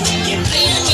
You played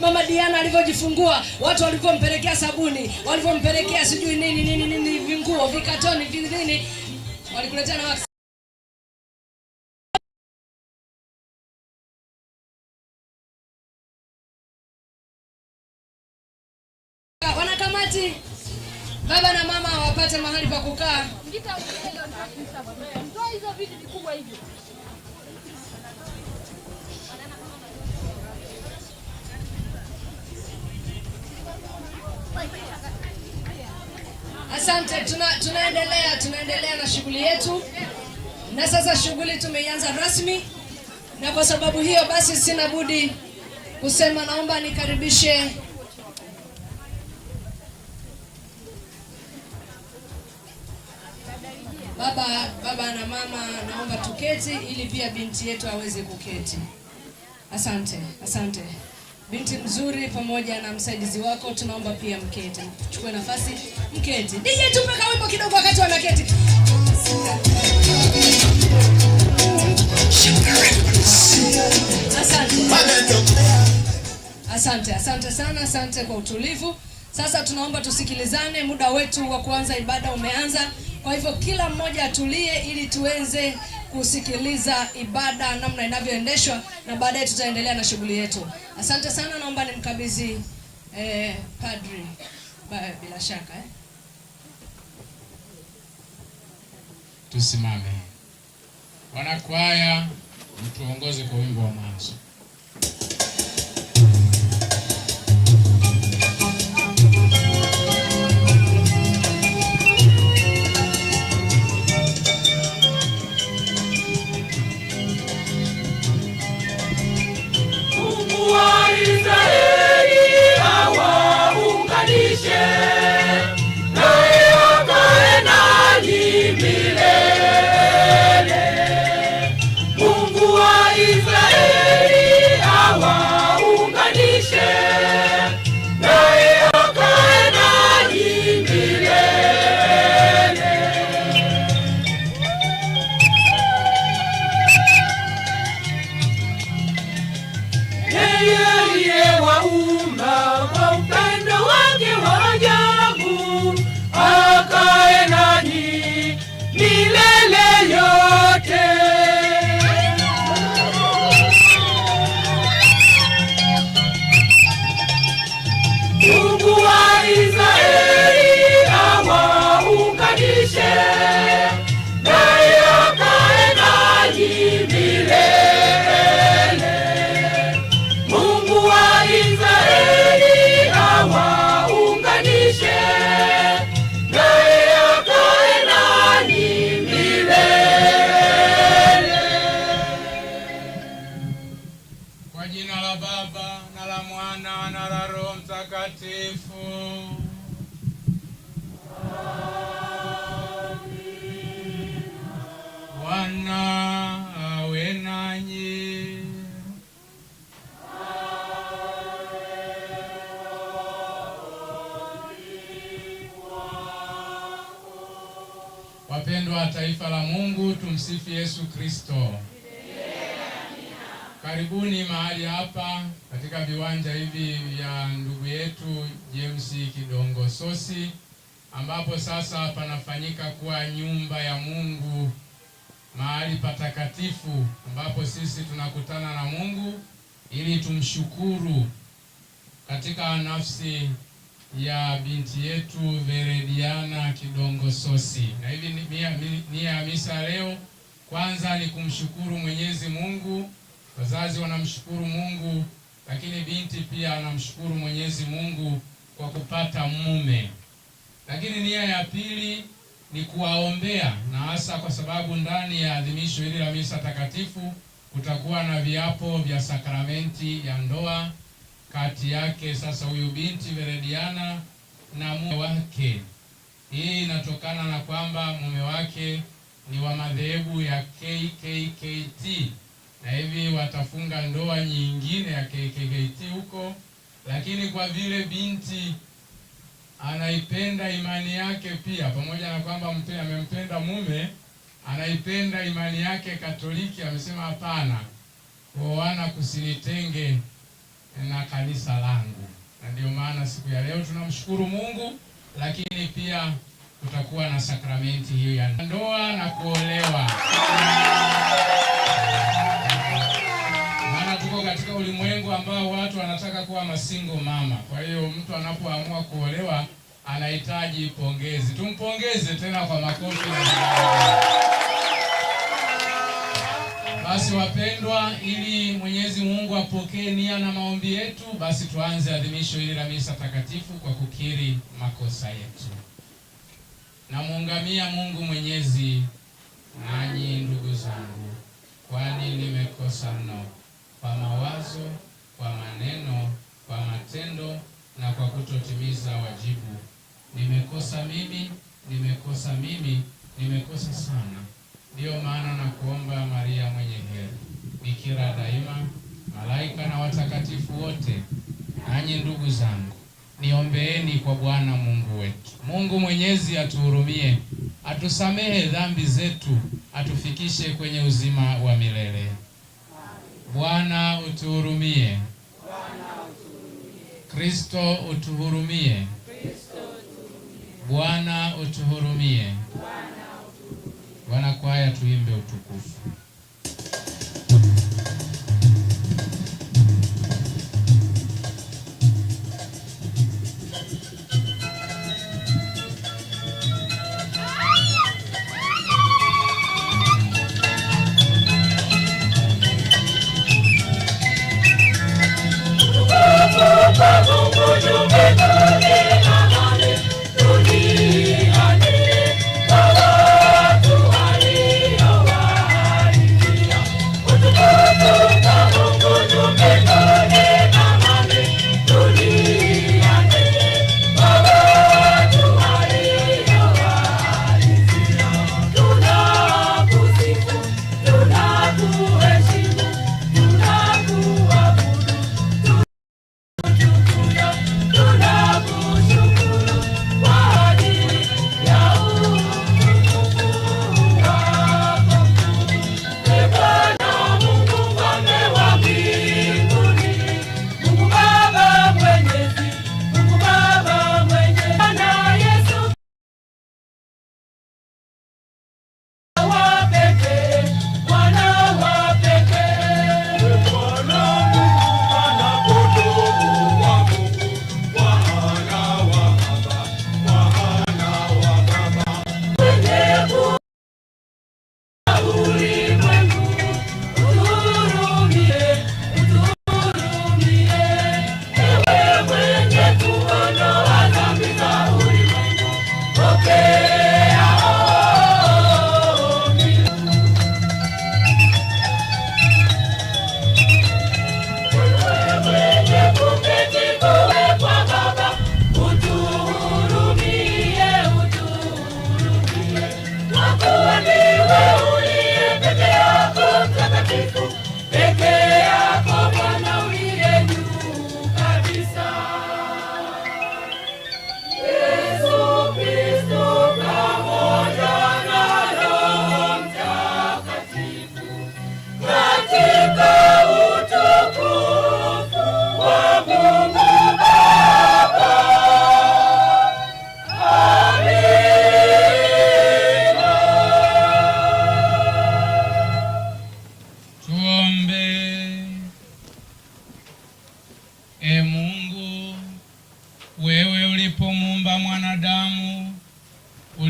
Mama Diana alivyojifungua, watu walivyompelekea sabuni, walivyompelekea sijui nini nini nini, vinguo vikatoni vinini, walikuletea na watu wanakamati, baba na mama wapate mahali pa kukaa. Asante, tunaendelea tunaendelea na shughuli yetu, na sasa shughuli tumeianza rasmi, na kwa sababu hiyo basi sina budi kusema, naomba nikaribishe baba baba na mama, naomba tuketi ili pia binti yetu aweze kuketi. Asante, asante binti mzuri pamoja na msaidizi wako, tunaomba pia mketi, chukue nafasi mkete. DJ tupe kawimbo kidogo, wakati wanaketi Asante, asante sana, asante kwa utulivu. Sasa tunaomba tusikilizane, muda wetu wa kuanza ibada umeanza. Kwa hivyo kila mmoja atulie ili tuweze kusikiliza ibada namna inavyoendeshwa, na baadaye tutaendelea na shughuli yetu. Asante sana, naomba nimkabidhi eh, padri bila shaka eh. Tusimame. Wanakwaya, mtuongoze kwa wimbo wa mwanzo. wa taifa la Mungu, tumsifu Yesu Kristo. Karibuni mahali hapa katika viwanja hivi vya ndugu yetu James Kidongo Sosi, ambapo sasa panafanyika kuwa nyumba ya Mungu, mahali patakatifu ambapo sisi tunakutana na Mungu ili tumshukuru katika nafsi ya binti yetu Verediana Kidongo Sosi, na hivi ni ya misa leo kwanza ni kumshukuru Mwenyezi Mungu. Wazazi wanamshukuru Mungu, lakini binti pia anamshukuru Mwenyezi Mungu kwa kupata mume. Lakini nia ya pili ni kuwaombea, na hasa kwa sababu ndani ya adhimisho hili la misa takatifu kutakuwa na viapo vya sakramenti ya ndoa kati yake sasa huyu binti Verediana na mume wake. Hii inatokana na kwamba mume wake ni wa madhehebu ya KKKT na hivi watafunga ndoa nyingine ya KKKT huko, lakini kwa vile binti anaipenda imani yake pia, pamoja na kwamba amempenda mume, anaipenda imani yake Katoliki, amesema hapana, kuoana kusinitenge na kanisa langu, na ndio maana siku ya leo tunamshukuru Mungu, lakini pia tutakuwa na sakramenti hiyo ya ndoa na kuolewa, maana tuko katika ulimwengu ambao watu wanataka kuwa masingo mama. Kwa hiyo mtu anapoamua kuolewa anahitaji pongezi, tumpongeze tena kwa makofi. Basi wapendwa, ili Mwenyezi Mungu apokee nia na maombi yetu, basi tuanze adhimisho hili la misa takatifu kwa kukiri makosa yetu. Namuungamia Mungu Mwenyezi, nanyi ndugu zangu, kwani nimekosa mno, kwa mawazo, kwa maneno, kwa matendo na kwa kutotimiza wajibu. Nimekosa mimi, nimekosa mimi, nimekosa sana Ndiyo maana na kuomba Maria mwenye heri, bikira daima, malaika na watakatifu wote, nanyi ndugu zangu, niombeeni kwa Bwana Mungu wetu. Mungu Mwenyezi atuhurumie, atusamehe dhambi zetu, atufikishe kwenye uzima wa milele. Bwana utuhurumie. Kristo utuhurumie. Bwana utuhurumie wala kwaya tuimbe utukufu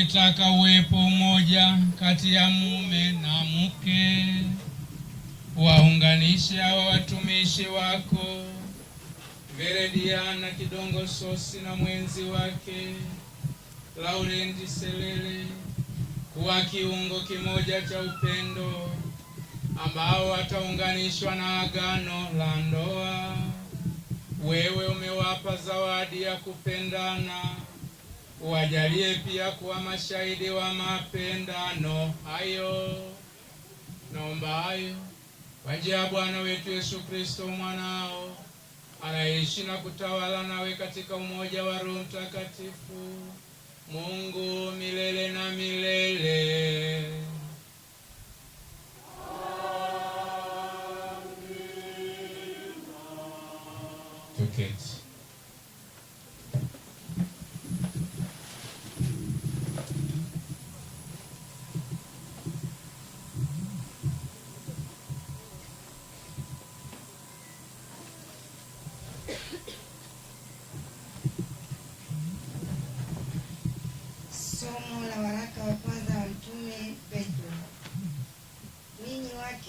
Tulitaka uwepo umoja kati ya mume na mke, waunganishe hawa watumishi wako Verediana Kidongo Sosi na mwenzi wake Laurenti Selele kuwa kiungo kimoja cha upendo ambao wataunganishwa na agano la ndoa. Wewe umewapa zawadi ya kupendana uwajalie pia kuwa mashahidi wa mapendano hayo. Naomba hayo kwa njia ya Bwana wetu Yesu Kristo mwanao anayeishi na kutawala nawe katika umoja wa Roho Mtakatifu, Mungu milele na milele. Amina. Tuketi.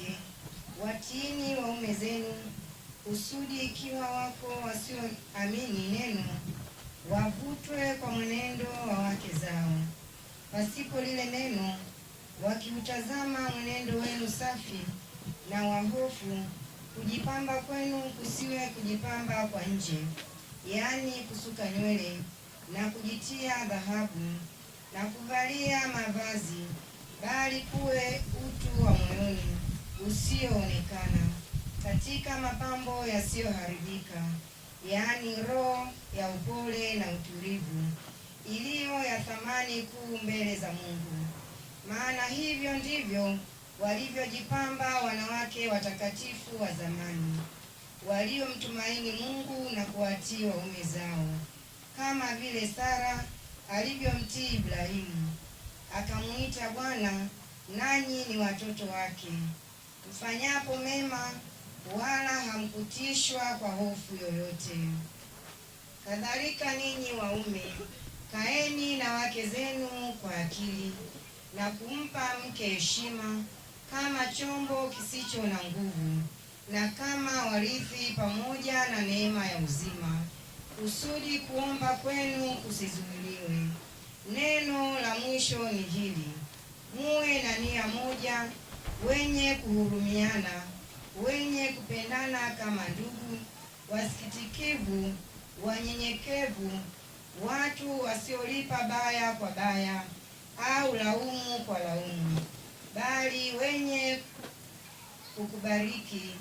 wake, watiini waume zenu, kusudi ikiwa wako wasioamini neno, wavutwe kwa mwenendo wa wake zao, pasipo lile neno, wakiutazama mwenendo wenu safi na wahofu. Kujipamba kwenu kusiwe kujipamba kwa nje, yaani kusuka nywele na kujitia dhahabu na kuvalia mavazi, bali kuwe utu wa moyoni usioonekana katika mapambo yasiyoharibika, yaani roho ya upole na utulivu iliyo ya thamani kuu mbele za Mungu. Maana hivyo ndivyo walivyojipamba wanawake watakatifu wa zamani waliomtumaini Mungu na kuwatii waume zao, kama vile Sara alivyomtii Ibrahimu akamwita Bwana, nanyi ni watoto wake mfanyapo mema, wala hamkutishwa kwa hofu yoyote. Kadhalika ninyi waume, kaeni na wake zenu kwa akili na kumpa mke heshima kama chombo kisicho na nguvu na kama warithi pamoja na neema ya uzima, kusudi kuomba kwenu kusizuiliwe. Neno la mwisho ni hili: muwe na nia moja wenye kuhurumiana, wenye kupendana kama ndugu, wasikitikivu, wanyenyekevu, watu wasiolipa baya kwa baya au laumu kwa laumu, bali wenye kukubariki